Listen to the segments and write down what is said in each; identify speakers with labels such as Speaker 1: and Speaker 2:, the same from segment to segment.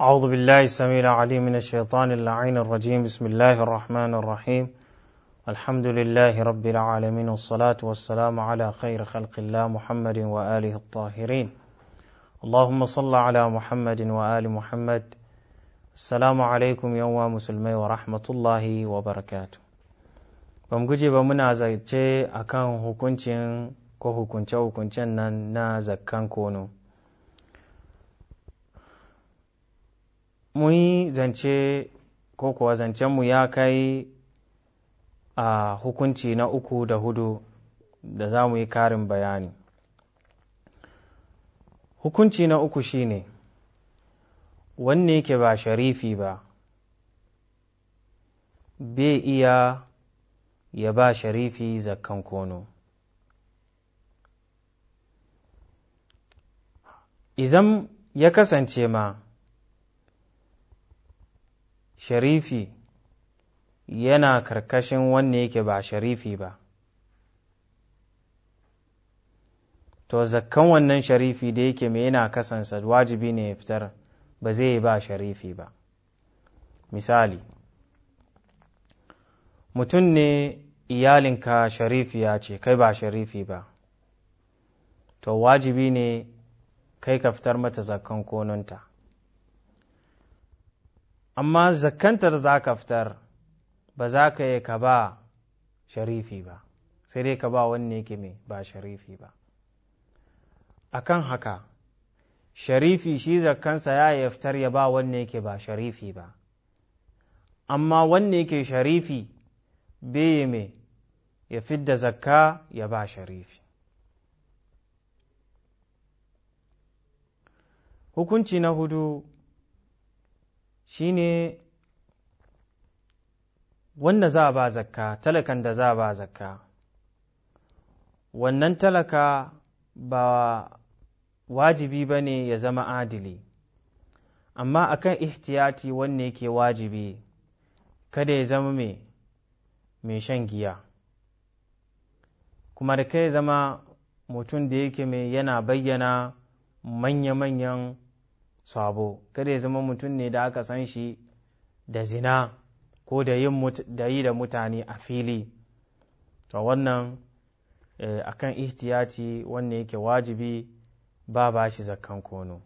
Speaker 1: أعوذ بالله السميع العليم من الشيطان اللعين الرجيم بسم الله الرحمن الرحيم الحمد لله رب العالمين والصلاة والسلام على خير خلق الله محمد وآله الطاهرين اللهم صل على محمد وآل محمد السلام عليكم يوم مسلمي ورحمة الله وبركاته بمجي بمنا زيتي أكان هكونشين ko hukunce-hukuncen nan na mun yi zance ko kuwa zancenmu ya kai a hukunci na uku da hudu da za mu yi karin bayani hukunci na uku shine wanne yake ba sharifi ba bai iya ya ba sharifi zakkan kono izan ya kasance ma sharifi yana karkashin wanne yake ba sharifi ba to zakkan wannan sharifi da yake mai yana kasansa wajibi ne ya fitar ba zai yi ba sharifi ba misali mutum ne iyalinka ya ce kai ba sharifi ba to wajibi ne kai ka fitar mata zakkan konunta amma zakanta da za ka fitar ba za ka yi ka ba sharifi ba sai dai ka ba wanne yake mai ba sharifi ba A kan haka sharifi shi zakansa ya yi fitar ya ba wanne yake ba sharifi ba amma wanne yake sharifi bai mai ya da zakka ya ba sharifi hukunci na hudu Shi ne wanda za ba zakka talakan da za ba zakka wannan talaka ba wajibi ba ne ya zama adili amma akan ihtiyati wanne yake wajibi kada ya zama mai mai shan giya kuma da kai zama mutum da yake mai yana bayyana manya-manyan sabo kada ya zama mutum ne da aka san shi da zina ko da yi da mutane a fili to wannan eh, akan ihtiyati wannan yake wajibi ba ba shi zakkan kono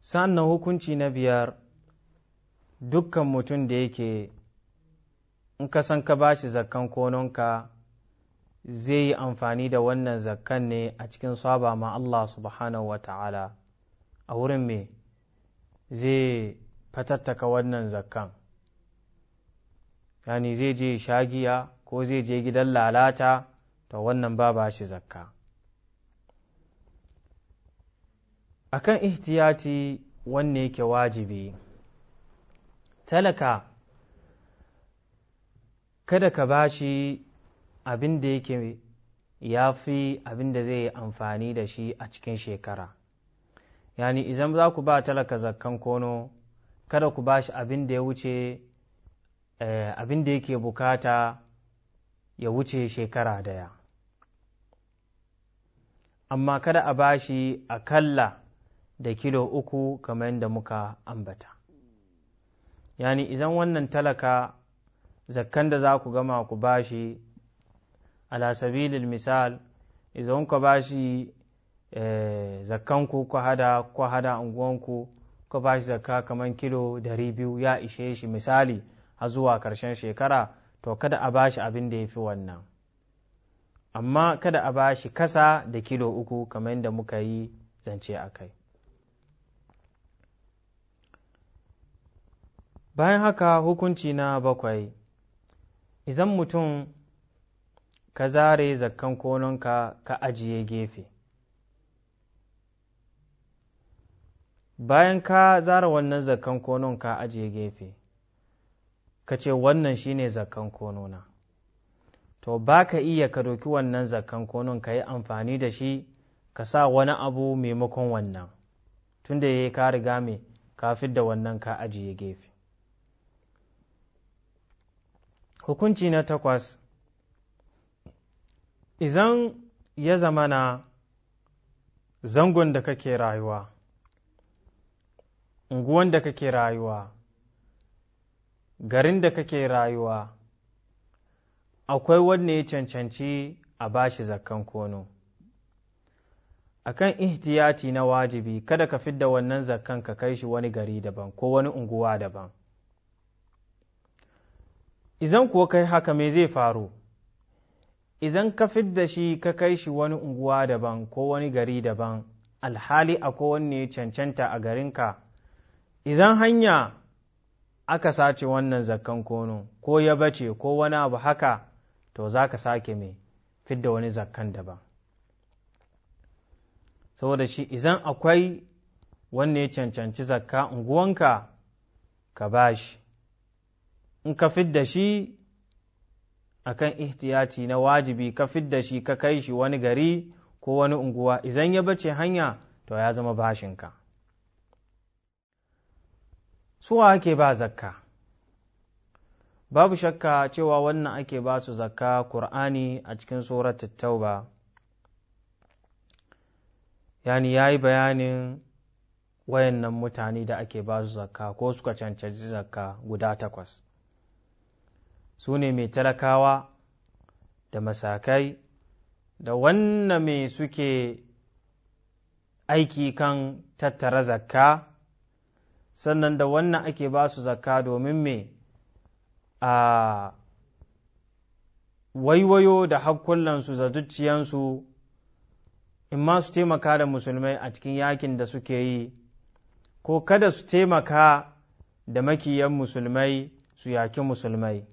Speaker 1: sannan hukunci na biyar dukkan mutum da yake in ka san ka ba shi zakkan kononka zai yi amfani da wannan zakkan ne a cikin saba ma Allah subhanahu wa ta'ala a wurin me zai fatattaka wannan zakkan yani zai je shagiya ko zai je gidan lalata ta wannan ba ba shi zakka akan ihtiyati wanne yake wajibi talaka kada ka bashi abin da yake ya fi abin da zai yi amfani da shi a cikin shekara yani idan za ku ba talaka zakkan kono kada ku ba shi abin da ya wuce eh, abin da yake bukata ya wuce shekara daya amma kada a ba shi akalla da kilo uku kamar yadda muka ambata yani idan wannan talaka zakkan da za ku gama ku ba shi ala sabilil misal idan ka ba shi eh, zakkanku ko hada ko hada unguwanku ko ba shi zakka kamar kilo dari biyu ya ishe shi misali a zuwa karshen shekara to kada a ba shi abin da ya fi wannan amma kada a ba shi kasa da kilo uku kaman yadda muka yi zance a kai bayan haka hukunci na bakwai idan mutum ka zare zakkan kononka ka ajiye gefe bayan ka zara wannan zakkan konon ka ajiye gefe ka ce wannan shi ne zakkan konona to ba ka iya ka doki wannan zakkan konon ka yi amfani da shi ka sa wani abu maimakon wannan tunda ya yi riga mai kafin da wannan ka ajiye gefe hukunci na takwas izan ya zamana zangon da kake rayuwa unguwan da kake rayuwa garin da kake rayuwa akwai wanda ya cancanci a bashi zakkan kono akan ihtiyati na wajibi kada ka fidda wannan zakkan ka kai shi wani gari daban ko wani unguwa daban izan kuwa kai haka me zai faru idan ka da shi ka kai shi wani unguwa daban ko wani gari daban alhali a kowanne cancanta a garinka idan hanya aka sace wannan zakkan kono ko ya bace ko wani abu haka to za ka sake mai da wani zakkan daban saboda shi idan akwai wanne ya cancanci zakka unguwanka ka ba shi in ka da shi akan ihtiyati na wajibi ka fidda shi ka kai shi wani gari ko wani unguwa idan ya bace hanya to ya zama bashin bashinka suwa ake ba zakka babu shakka cewa wannan ake ba su zakka ƙur'ani a cikin surat tauba yani ya yi bayanin wayannan mutane da ake ba su zakka ko suka cancanci zakka guda takwas su ne mai talakawa da masakai da wanna mai suke aiki kan tattara zakka sannan da wannan ake ba su zakka domin me a waiwayo da hakkullansu da zuciyansu in ma su taimaka da musulmai a cikin yakin da suke yi ko kada su taimaka da makiyan musulmai su yaki musulmai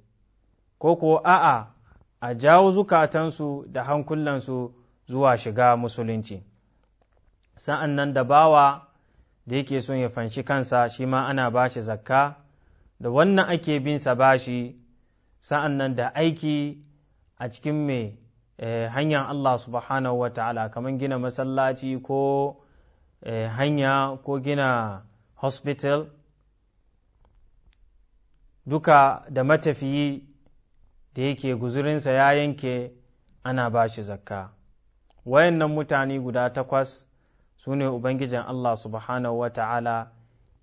Speaker 1: ko ko a'a a jawo zukatansu da hankulansu zuwa shiga musulunci sa'an nan da bawa da yake son ya fanshi kansa shi ma ana bashi zakka da wannan ake bin binsa bashi sa'an nan da aiki a cikin mai eh, hanyar Allah subhanahu wa ta'ala kamar gina masallaci ko eh, hanya ko gina hospital duka da matafiyi da yake guzurinsa ya yanke ana ba shi zakka wayannan mutane guda takwas su ne ubangijin allah subhanahu wa ta'ala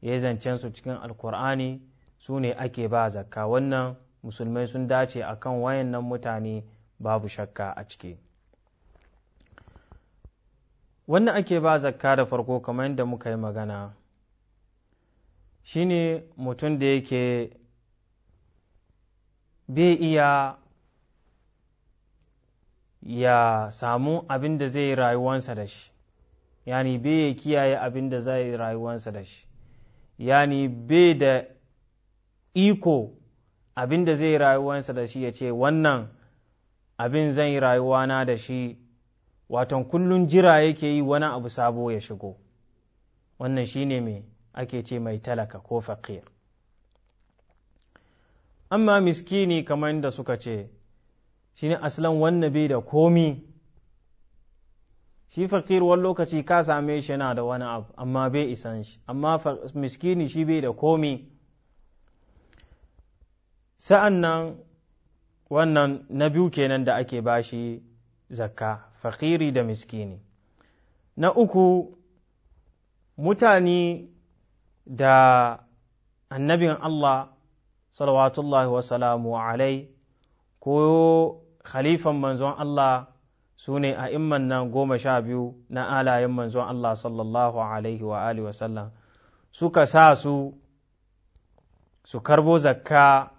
Speaker 1: ya zancen su cikin alkur'ani su ne ake ba zakka wannan musulmai sun dace a kan wayannan mutane babu shakka a ciki wannan ake ba zakka da farko kamar yadda muka yi magana shine mutum da yake bai iya ya samu abin da zai rayuwansa da shi yani bai ya kiyaye abin da zai rayuwansa da shi yani bai da iko abin da zai rayuwansa da shi ya ce wannan abin zan yi rayuwana da shi waton kullum jira yake yi wani abu sabo ya shigo wannan shine mai ake ce mai talaka ko faƙir amma miskini kamar yadda suka ce shi ne asalin wannan bai da komi shi fakir wani lokaci ka same shi yana da wani abu amma bai isan shi amma miskini shi bai da komi sa'an nan wannan na biyu kenan da ake bashi zakka fakiri da miskini na uku mutane da annabin Allah salawatullahi wa salamu alai ko khalifan manzon Allah su ne a imman nan goma sha biyu na alayen manzon Allah sallallahu alaihi wa alihi wasallam suka sa su su karbo zakka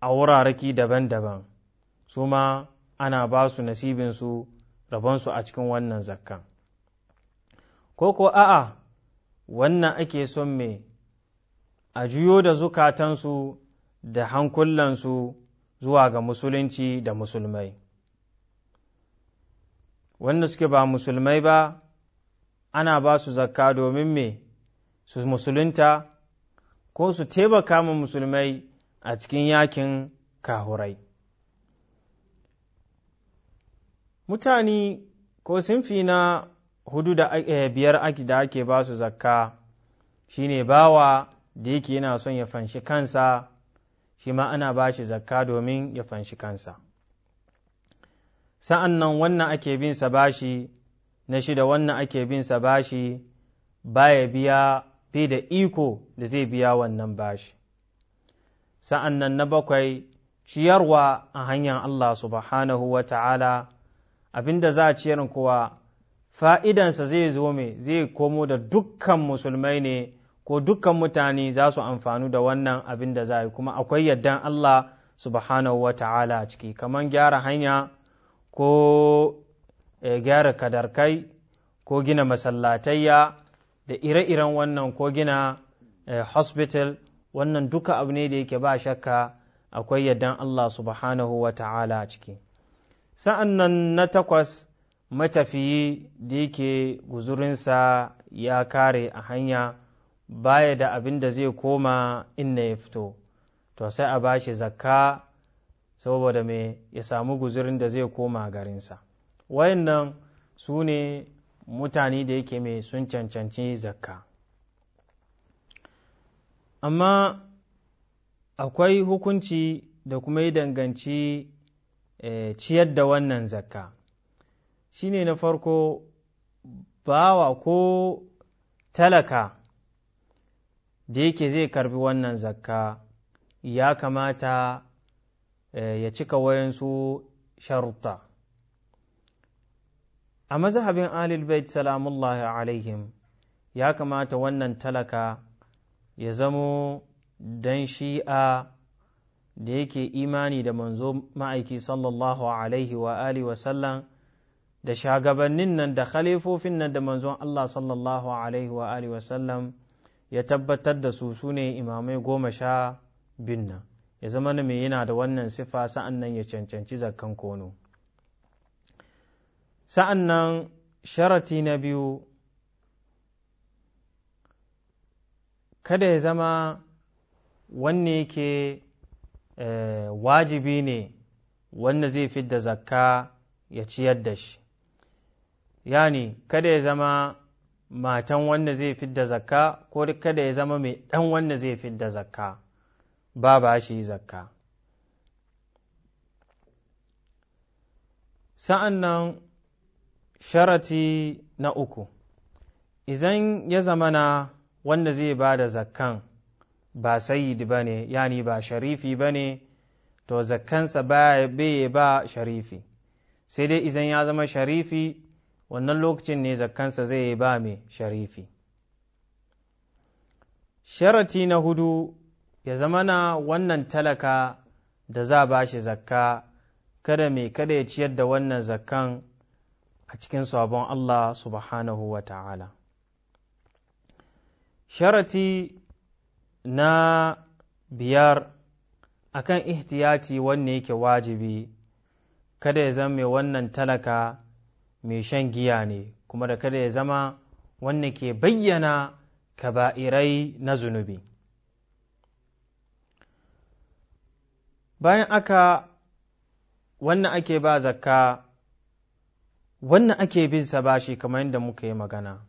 Speaker 1: a wurarraki daban-daban su ma ana ba su nasibinsu rabonsu a cikin wannan zakka ko ko a'a wannan ake son me a juyo da zukatansu da hankulansu zuwa ga musulunci da musulmai wanda suke ba musulmai ba ana ba su zakka domin me su musulunta ko su taimaka ma musulmai a cikin yakin kahurai mutane ko sinfi na hudu da eh, biyar aki da ake ba su zakka shine bawa da yake yana son ya fanshi kansa shi ma ana ba shi zakka domin ya fanshi kansa sa'an nan wannan ake bin sa bashi na shida wannan ake bin sa bashi ya biya fi da iko da zai biya wannan ba shi. sa'an nan na bakwai ciyarwa a hanyar Allah subhanahu wa ta'ala abinda za a ciyar kowa fa'idansa zai zo mai zai komo da dukkan musulmai ne ko dukkan mutane za su amfanu da wannan abin da za yi kuma akwai yadda Allah subhanahu wa ta'ala a ciki kamar gyara hanya ko eh, gyara kadarkai ko gina masallatayya da ire-iren wannan ko gina eh, hospital wannan duka abu ne da yake ba shakka akwai yardan Allah subhanahu wa ta'ala a ciki sa'an nan na takwas matafiyi da yake guzurinsa ya kare a hanya baya da abin da zai koma inna ya fito to sai a bashi zakka saboda me ya samu guzurin da zai koma garinsa wayannan su ne mutane da yake mai sun cancanci zakka amma akwai hukunci da kuma yi danganci eh, ciyar da wannan zakka shine na farko bawa ko talaka da yake zai karbi wannan zakka ya kamata eh, ya cika wayansu sharuta a mazhabin ahlul bait salamullahi alaihim ya kamata wannan talaka ya zamo dan shi'a da yake imani da manzo ma'aiki sallallahu alaihi wa alihi wasallam da shagabannin nan da khalifofin nan da manzon Allah sallallahu alaihi wa alihi wasallam ya tabbatar da su su ne imamai goma sha bin nan ya zama na mai yana da wannan sifa sa'an nan ya cancanci zakkan kono sa'an nan sharati na biyu kada ya zama wanne yake eh, wajibi ne wanda zai fidda zakka ya ciyar da shi yani kada ya zama matan wanda zai fidda zakka ko kada ya zama mai ɗan wanda zai fidda zakka ba ba shi zakka sa'an nan sharati na uku izan ya zama na wanda zai ba da zakkan ba sayid ba ne yani ba sharifi ba ne to zakkansa bai ba sharifi sai dai izan ya zama sharifi wannan lokacin ne zakkansa zai yi ba mai sharifi sharati na hudu ya zama na wannan talaka da za ba shi zakka kada mai kada ya ciyar da wannan zakkan a cikin sabon Allah subhanahu wa ta'ala sharati na biyar akan ihtiyati wanne yake wajibi kada ya zama mai wannan talaka mai shan giya ne kuma da kada ya zama wanda ke bayyana kaba'irai na zunubi bayan aka wannan ake ba zakka wannan ake bin sa bashi kamar yadda muka yi magana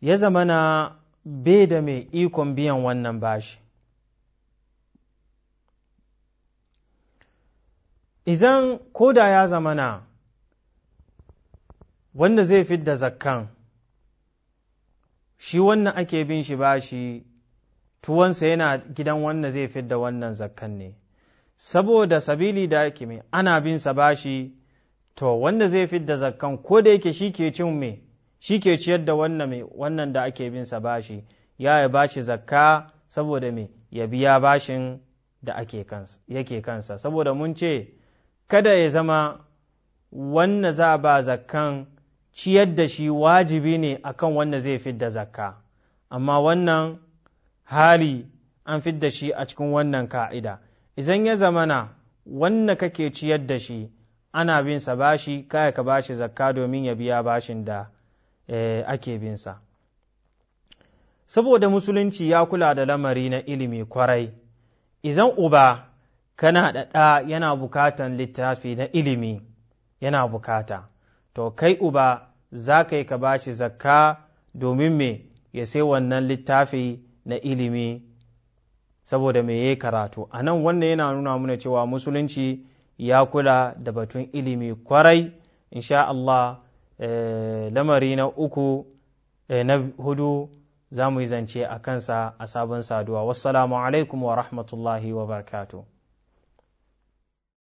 Speaker 1: ya zamana bai da mai ikon biyan wannan bashi idan da ya zamana wanda zai fi da zakkan shi wannan ake bin shi bashi tuwansa yana gidan wanda zai fi da wannan zakkan ne saboda sabili da ake mai ana bin sa bashi to wanda zai fi da zakkan ko da yake shi ke cin me shi ke ciyar da wannan mai wannan da ake bin sa bashi ya ba shi zakka saboda me ya biya bashin da ake kansa yake kansa saboda mun ce kada ya zama wannan za ba zakkan ciyar da shi wajibi ne akan wanda zai da zakka amma wannan hali an fi da shi a cikin wannan ka'ida Izan ya zamana wanda kake ciyar da shi ana bin sa bashi kaya ka bashi zakka domin ya biya bashin da eh, ake bin sa saboda musulunci ya kula da lamari na ilimi kwarai idan uba kana da ɗa yana bukatan littafi na ilimi yana bukata to kai uba za ka yi ka ba shi zakka domin me ya sai wannan littafi na ilimi saboda me ya karatu a nan wannan yana nuna mana cewa musulunci ya kula da batun ilimi kwarai insha Allah eh, lamari na uku eh, na hudu za mu yi zance a kansa a sabon saduwa wassalamu alaikum wa rahmatullahi wa barakatuh